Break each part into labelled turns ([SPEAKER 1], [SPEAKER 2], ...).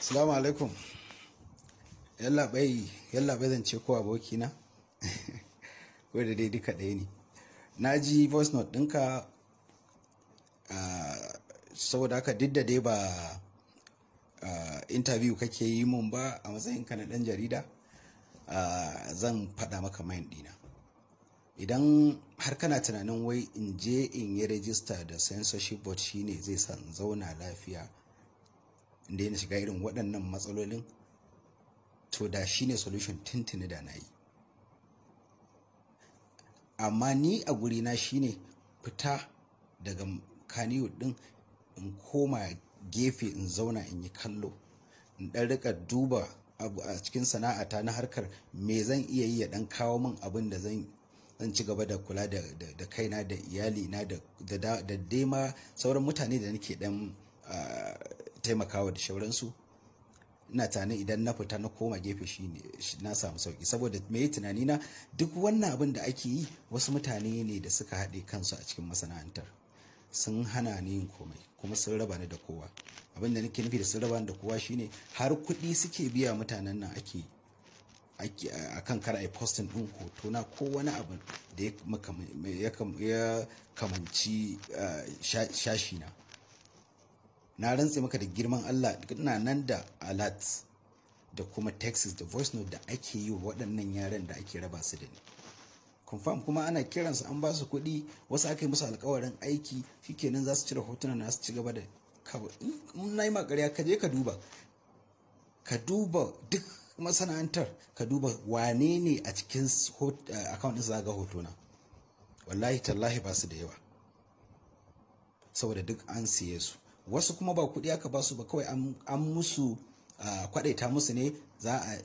[SPEAKER 1] Assalamu alaikum. Yalla bai, zance ko aboki na. Ko da dai duka ɗaya ne. Na ji voice note ɗinka saboda haka duk da dai ba interview kake yi mun ba a matsayin ka na ɗan jarida zan faɗa maka mayan ɗina. Idan har kana tunanin wai in je in yi rajista da censorship board shine zai san zauna lafiya. inda yana shiga irin waɗannan matsalolin to da shi ne solution tuntuni da na yi amma ni a gurina shi ne fita daga kaniyo ɗin in koma gefe in zauna in yi kallo in ɗan rika duba abu a cikin sana'ata na harkar me zan iya yi ya ɗan kawo min abin da zan zan ci gaba da kula da kaina da iyalina da dai ma sauran mutane da nake dan ah, taimakawa da shauransu ina tani idan na fita na koma gefe shi na samu sauki saboda me yi tunani na duk wannan abin da ake yi wasu mutane ne da suka haɗe kansu a cikin masana'antar sun hana ni yin komai kuma sun raba ni da kowa abin da nake nufi da sun raba ni da kowa shine har kuɗi suke biya mutanen nan ake a kan kar a postin ɗin hoto na ko wani abu da ya kamanci eh, shashi na na rantse maka da girman Allah ina nan da alert da kuma texas da voice note da ake yi wa waɗannan yaran da ake raba su da ni confirm kuma ana kiransu an ba su kuɗi wasu aka yi musu alkawarin aiki shikenan za su cire hotuna na su ci gaba da kawai in na yi makarya ka je ka duba ka duba duk masana'antar ka duba wane ne a cikin account ɗinsa za ga hotuna wallahi tallahi ba su da yawa saboda duk an siye su wasu kuma ba kuɗi aka basu ba kawai an musu kwaɗaita musu ne za a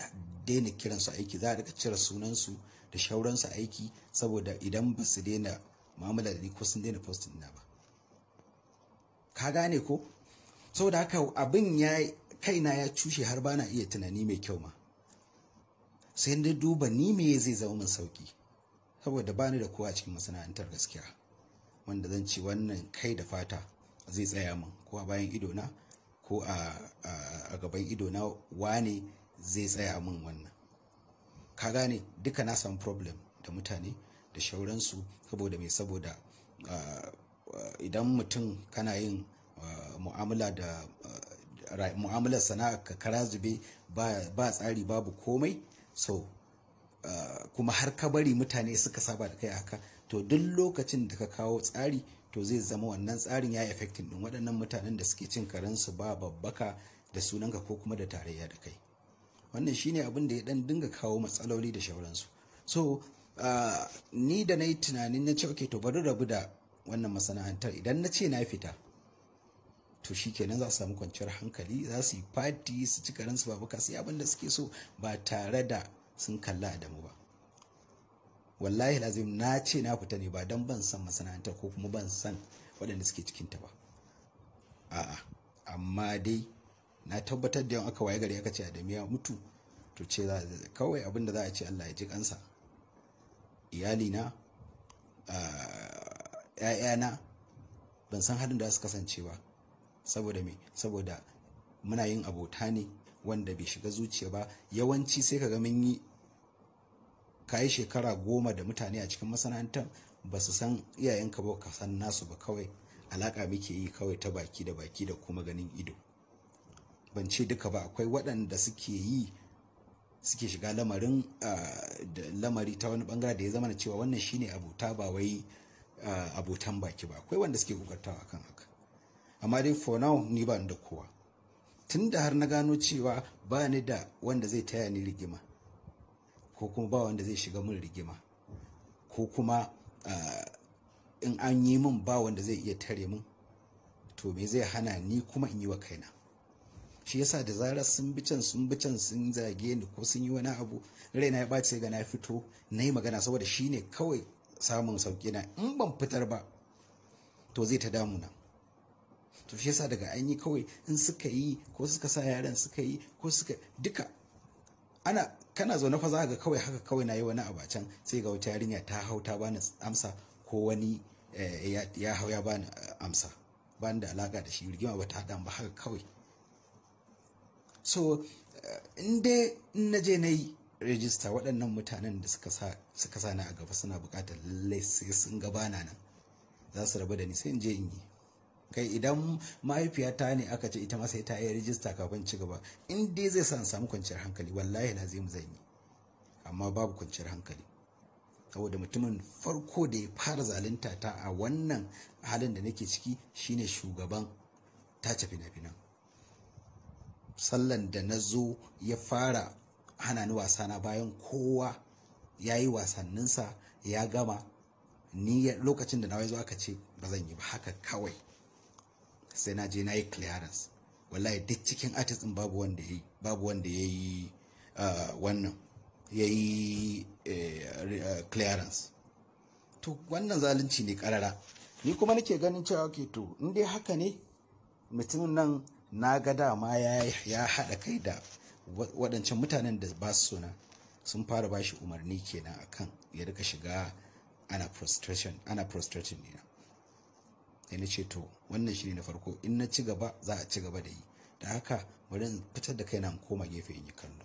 [SPEAKER 1] daina kiransu aiki za a daga cire sunansu da shauransu aiki saboda idan ba su daina mu'amala da ni ko sun daina post dina ba ka gane ko saboda haka abin ya na ya cushe har ba na iya tunani mai kyau ma sai na duba ni me zai zama min sauki saboda ba ni da kowa cikin masana'antar gaskiya wanda zan ci wannan kai da fata zai tsaya min ko a bayan idona ko a gaban idona wane zai tsaya min wannan ka gane duka na samu problem da mutane da shauransu saboda mai saboda idan mutum kana yin mu'amala da mu'amalar sana'a ka kara zube ba tsari babu komai so kuma har ka bari mutane suka saba da kai haka to duk lokacin da ka kawo tsari to zai zama wannan tsarin ya yi effectin din waɗannan mutanen da suke cin karensu ba babbaka da sunanka ko kuma da tarayya da kai wannan shine abin da ya dan dinga kawo matsaloli da shauransu so ni da na yi tunanin na ce okay to bari rabu da wannan masana'antar idan na ce na fita to shi kenan za su samu kwanciyar hankali za su yi fati su ci karansu babbaka su yi abin da suke so ba tare da sun kalla Adamu ba wallahi lazim na ce na fita ne ba don ban san masana'antar ko kuma ban san waɗanda suke cikinta ba a'a amma dai na tabbatar da yawan aka waye gari aka ce Adamu ya mutu to ce za kawai abin da za a ce Allah ya ji kansa iyalina ‘ya'yana ban san halin da su kasance ba saboda me saboda muna yin abota ne wanda bai shiga zuciya ba yawanci sai ka ga mun yi kayi shekara goma da mutane a cikin masana'antar ba su san iyayenka ba ka san nasu ba kawai alaka muke yi kawai ta baki da baki da kuma ganin ido ban ce duka ba akwai waɗanda suke yi suke shiga lamarin lamari ta wani bangare da ya zama cewa wannan shine abota ba wai abotan baki ba akwai wanda suke kokartawa kan haka amma dai for now ni ba da kowa tunda har na gano cewa ba ni da wanda zai taya ni rigima ko kuma ba wanda zai shiga mun rigima ko kuma eh, in an yi mun ba wanda zai iya tare mun to me zai hana ni kuma in yi wa kaina shi yasa da zarar sun bi can sun bi can sun zage ni ko sun yi wani abu raina ya bace ga na fito na yi magana saboda shi ne kawai samun sauki na in ban fitar ba to zai ta na? to shi yasa daga an yi kawai in suka yi ko suka sa yaran suka yi ko suka duka ana kana zaune fa za ga kawai haka kawai na yi wani abu a can sai ga wata yarinya ta hau ta bani amsa ko wani eh, ya hau ya bani amsa bani da alaka da shi rigima ba ta haɗa ba haka kawai so eh, in dai in na je na yi rajista waɗannan mutanen da suka sa na a gaba suna buƙatar lallai sai sun gabana nan za su rabu da ni sai in je in yi kai idan mahaifiyata ne aka ce ita masa sai ta yi rijista kafin ci gaba in dai zai sa in samu kwanciyar hankali wallahi lazim zan yi amma babu kwanciyar hankali saboda mutumin farko da ya fara zalunta ta a wannan halin da nake ciki shine shugaban tace fina-finan sallan da na zo ya fara hana ni wasana bayan kowa ya yi wasanninsa ya gama ni lokacin da na zo aka ce ba zan yi ba haka kawai sai na je na yi clearance wallahi duk cikin artist din babu wanda yayi babu wanda yayi eh, wannan yayi eh, eh, clearance to wannan zalunci ne karara ni kuma nake ganin cewa ke to in dai haka ne mutumin nan na ga dama ya haɗa kai da waɗancan mutanen da ba su suna sun fara bashi umarni kenan akan ya rika shiga ana prostration ana prostration ne sai na ce to wannan shine na farko in na ci gaba za a ci gaba da yi da haka bari fitar da kai na koma gefe in yi kallo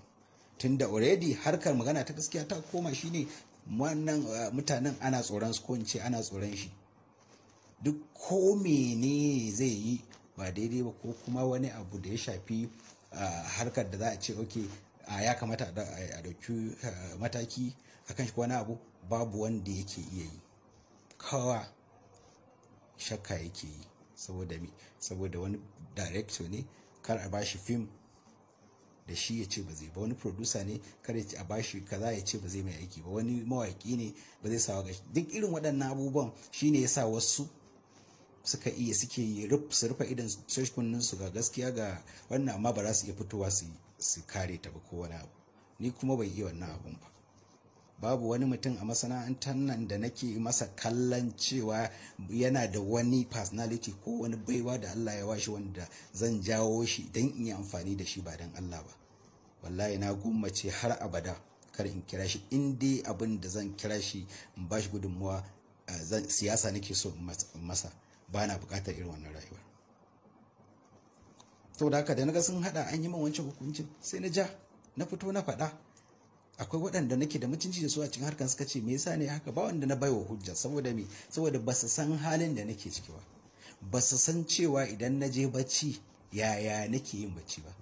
[SPEAKER 1] tunda already harkar magana ta gaskiya ta koma shine wannan ah, mutanen ana tsoron su ko ana tsoron shi duk ko mene zai yi ba daidai ba ko kuma wani abu da ya shafi ah, harkar da za a ce ok ah, ya kamata a dauki mataki akan shi wani abu babu wanda yake iya yi kawa shakka yake yi saboda mi saboda wani director ne kar a bashi fim da shi ya ce ba zai ba wani producer ne kar a bashi kaza ya ce ba zai mai aiki ba wani mawaki ne ba zai sawa ga duk irin waɗannan abubuwan shine yasa wasu suka iya suke yi su rufe idan kunnin su ga gaskiya ga wannan amma ba za su iya fitowa su kare ta ba ko wani abu ni kuma bai iya wannan abun ba babu wani mutum a masana'antar nan da nake masa kallon cewa yana da wani personality ko wani baiwa da Allah ya washi wanda zan jawo shi don in yi amfani da shi ba don Allah ba wallahi na gummace har abada kar in kira shi in dai abin da zan kira shi in ba shi gudunmuwa eh, siyasa nake so masa ba na bukatar irin wannan rayuwar da haka da na ga sun hada an yi min wancan hukuncin sai na ja na fito na faɗa akwai waɗanda nake da mutunci da su a cikin harkar suka ce me yasa ne haka ba wanda na baiwa hujja saboda me saboda ba su san halin da nake ciki ba ba su san cewa idan na je bacci yaya nake yin bacci ba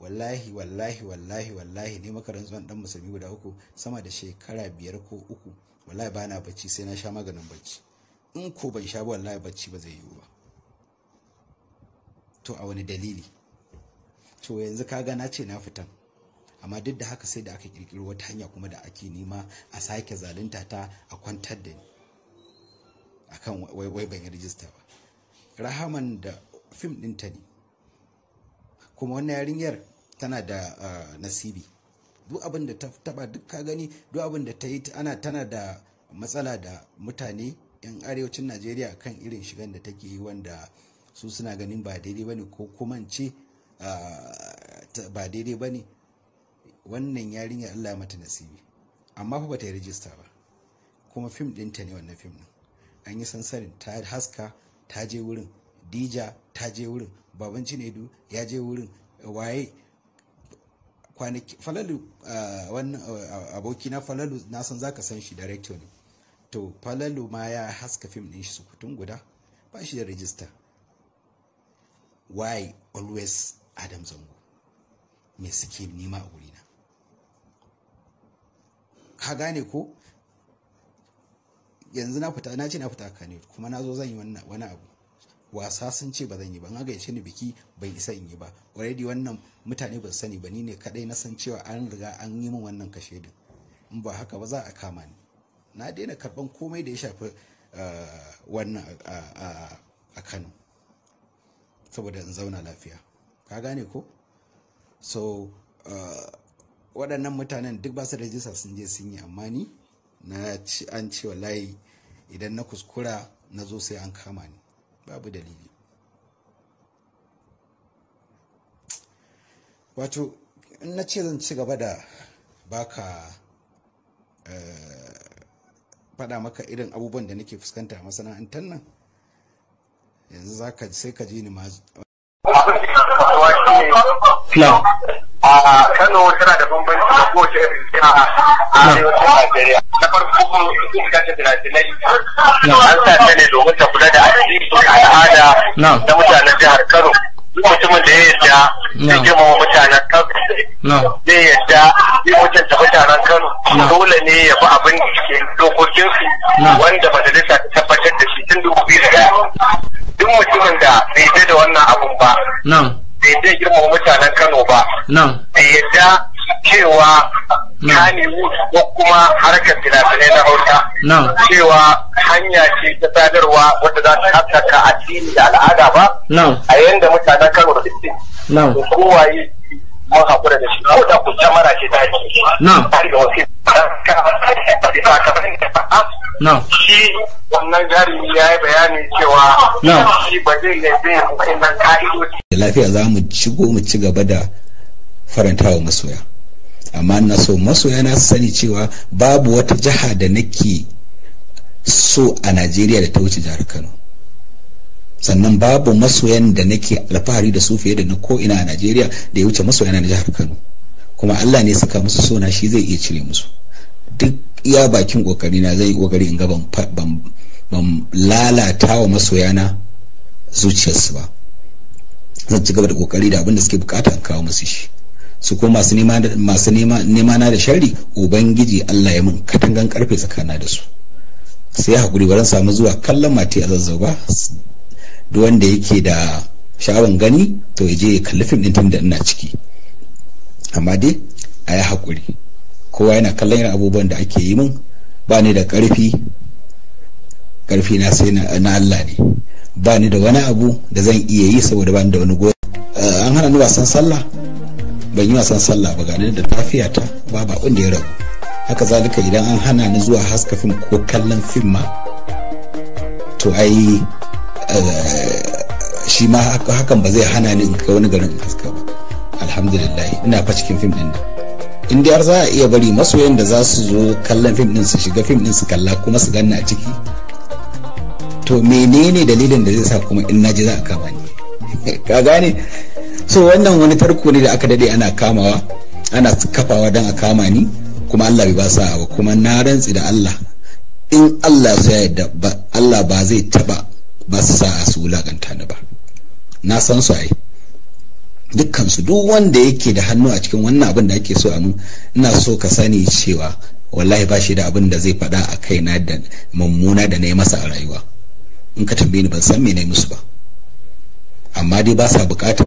[SPEAKER 1] wallahi wallahi wallahi wallahi ne makarin zuwan dan musulmi guda uku sama da shekara biyar ko uku wallahi ba na bacci sai na sha maganin bacci in ko ban sha ba wallahi bacci ba zai yiwu ba to a wani dalili to yanzu kaga na ce na fitan amma duk da haka sai da aka kirkiro wata hanya kuma da ake nema a sake zalunta ta a kwantar da ni akan wai ban yi rijista ba rahaman da fim din ta ne kuma wannan yarinyar tana da ah, nasibi duk abin da ta taba duk ka gani duk abin da ta yi ana tana da matsala da mutane yan arewacin najeriya kan irin shigan da take yi wanda su suna ganin ba daidai bane ko kuma ce ah, ba daidai bane wannan yarinyar Allah ya mata nasibi amma fa bata yi rijista ba kuma fim ɗinta ne wannan fim ɗin an yi sansarin ta haska ta je wurin dija ta je wurin baban cinedu ya je wurin waye kwanaki falalu wannan aboki na falalu na san zaka san shi director ne to falalu ma ya haska fim ɗin shi sukutun guda ba shi da rijista why always adam zango me suke nema a wurina ka gane ko yanzu na fita na ce na fita kane kuma na zo zan yi wani abu wasa sun ce ba zan yi ba an gayyace ni biki bai isa in yi ba already wannan mutane ba sani ba ni ne kadai na san cewa an riga an yi min wannan kashe din in ba haka ba za a kama ni na daina karban komai da ya shafi eh, wannan a Kano saboda in zauna lafiya ka gane ko so eh, waɗannan mutanen duk ba su rajista sun je sun yi amma ni na ci an ce wallahi idan na kuskura na zo sai an kama ni babu dalili wato in na ce zan ci gaba da baka eh, faɗa maka irin abubuwan da nake fuskanta a masana'antar nan yanzu za ka sai ka ji ni ma a
[SPEAKER 2] Kano tana da bambanci da kowace irin jiha a arewacin Najeriya. Na farko kuma ita ta filafinai an sa ta ne domin ta kula da addini da al'ada na mutanen jihar Kano. mutumin da ya yadda ya girmama mutanen Kano ya yadda ya mutunta mutanen Kano dole ne ya bi abin da ke dokokinsu wanda majalisa ta tabbatar da shi tun dubu biyu da duk mutumin da bai da wannan abun ba bai zai girma mutanen Kano ba. Da yadda cewa nemi ko kuma harkar fina-finai na Cewa hanya ce ta sadarwa wadda za ta haskaka addini da al'ada ba. A yadda mutanen Kano da suke. Kowaye mun haƙura da shi ko da ku jamara ce ta da wasu na shi wannan jarumi ya yi bayani cewa na shi ba zai yi zai wa'annan ka'idoji
[SPEAKER 1] da lafiya za mu shigo mu ci gaba da faranta wa masoya amma na so masoya na sani cewa babu wata jiha da nake so a najeriya da ta wuce jihar kano sannan babu masoyan da nake alfahari da su fiye da na ko'ina a najeriya da ya wuce masoya na jihar kano kuma allah ne suka musu sona shi zai iya cire musu duk iya bakin kokari na zai kokari in ga ban lalata wa masoyana zuciyarsu ba zan ci gaba da kokari da abin da suke bukata in kawo musu shi su ko masu nema na da shari ubangiji allah ya mun katangan karfe tsakana da su sai hakuri barin samu zuwa kallon mati a zazzau ba duk wanda yake da sha'awan gani to ya je ya kalli fim din tun da ina ciki amma dai a yi haƙuri kowa yana kallon yin abubuwan da ake yi min ba ni da ƙarfi ƙarfi na sai na Allah ne ba ni da wani abu da zan iya yi saboda ba ni da wani goyon eh, an hana ni wasan sallah ban yi wasan sallah ba gani da tafiyata ba ba da ya rabu haka zalika idan an hana ni zuwa haska fim ko kallon fim ma to ai Eh, shi ma hakan ba zai hana ni ga wani garin haska ba alhamdulillah ina fa cikin fim din in dai har za a iya bari masoyan da za su zo kallon fim din su shiga fim din su kalla kuma su ganna a ciki to menene dalilin da zai sa kuma in naji za a kama ni ka gane so wannan wani tarko ne da aka dade ana kamawa ana kafawa don a kama ni kuma Allah bai ba sa ba kuma na rantsi da Allah in Allah ya yarda Allah ba zai taba ba su sa a su wulakanta ni ba na san su ai dukkan su duk wanda yake da hannu a cikin wannan abin da ake so a nu ina so ka sani cewa wallahi ba shi da abin da zai faɗa a kai na da mummuna da na yi masa a rayuwa in ka tambaye ni ban san me na yi musu ba amma
[SPEAKER 2] dai ba sa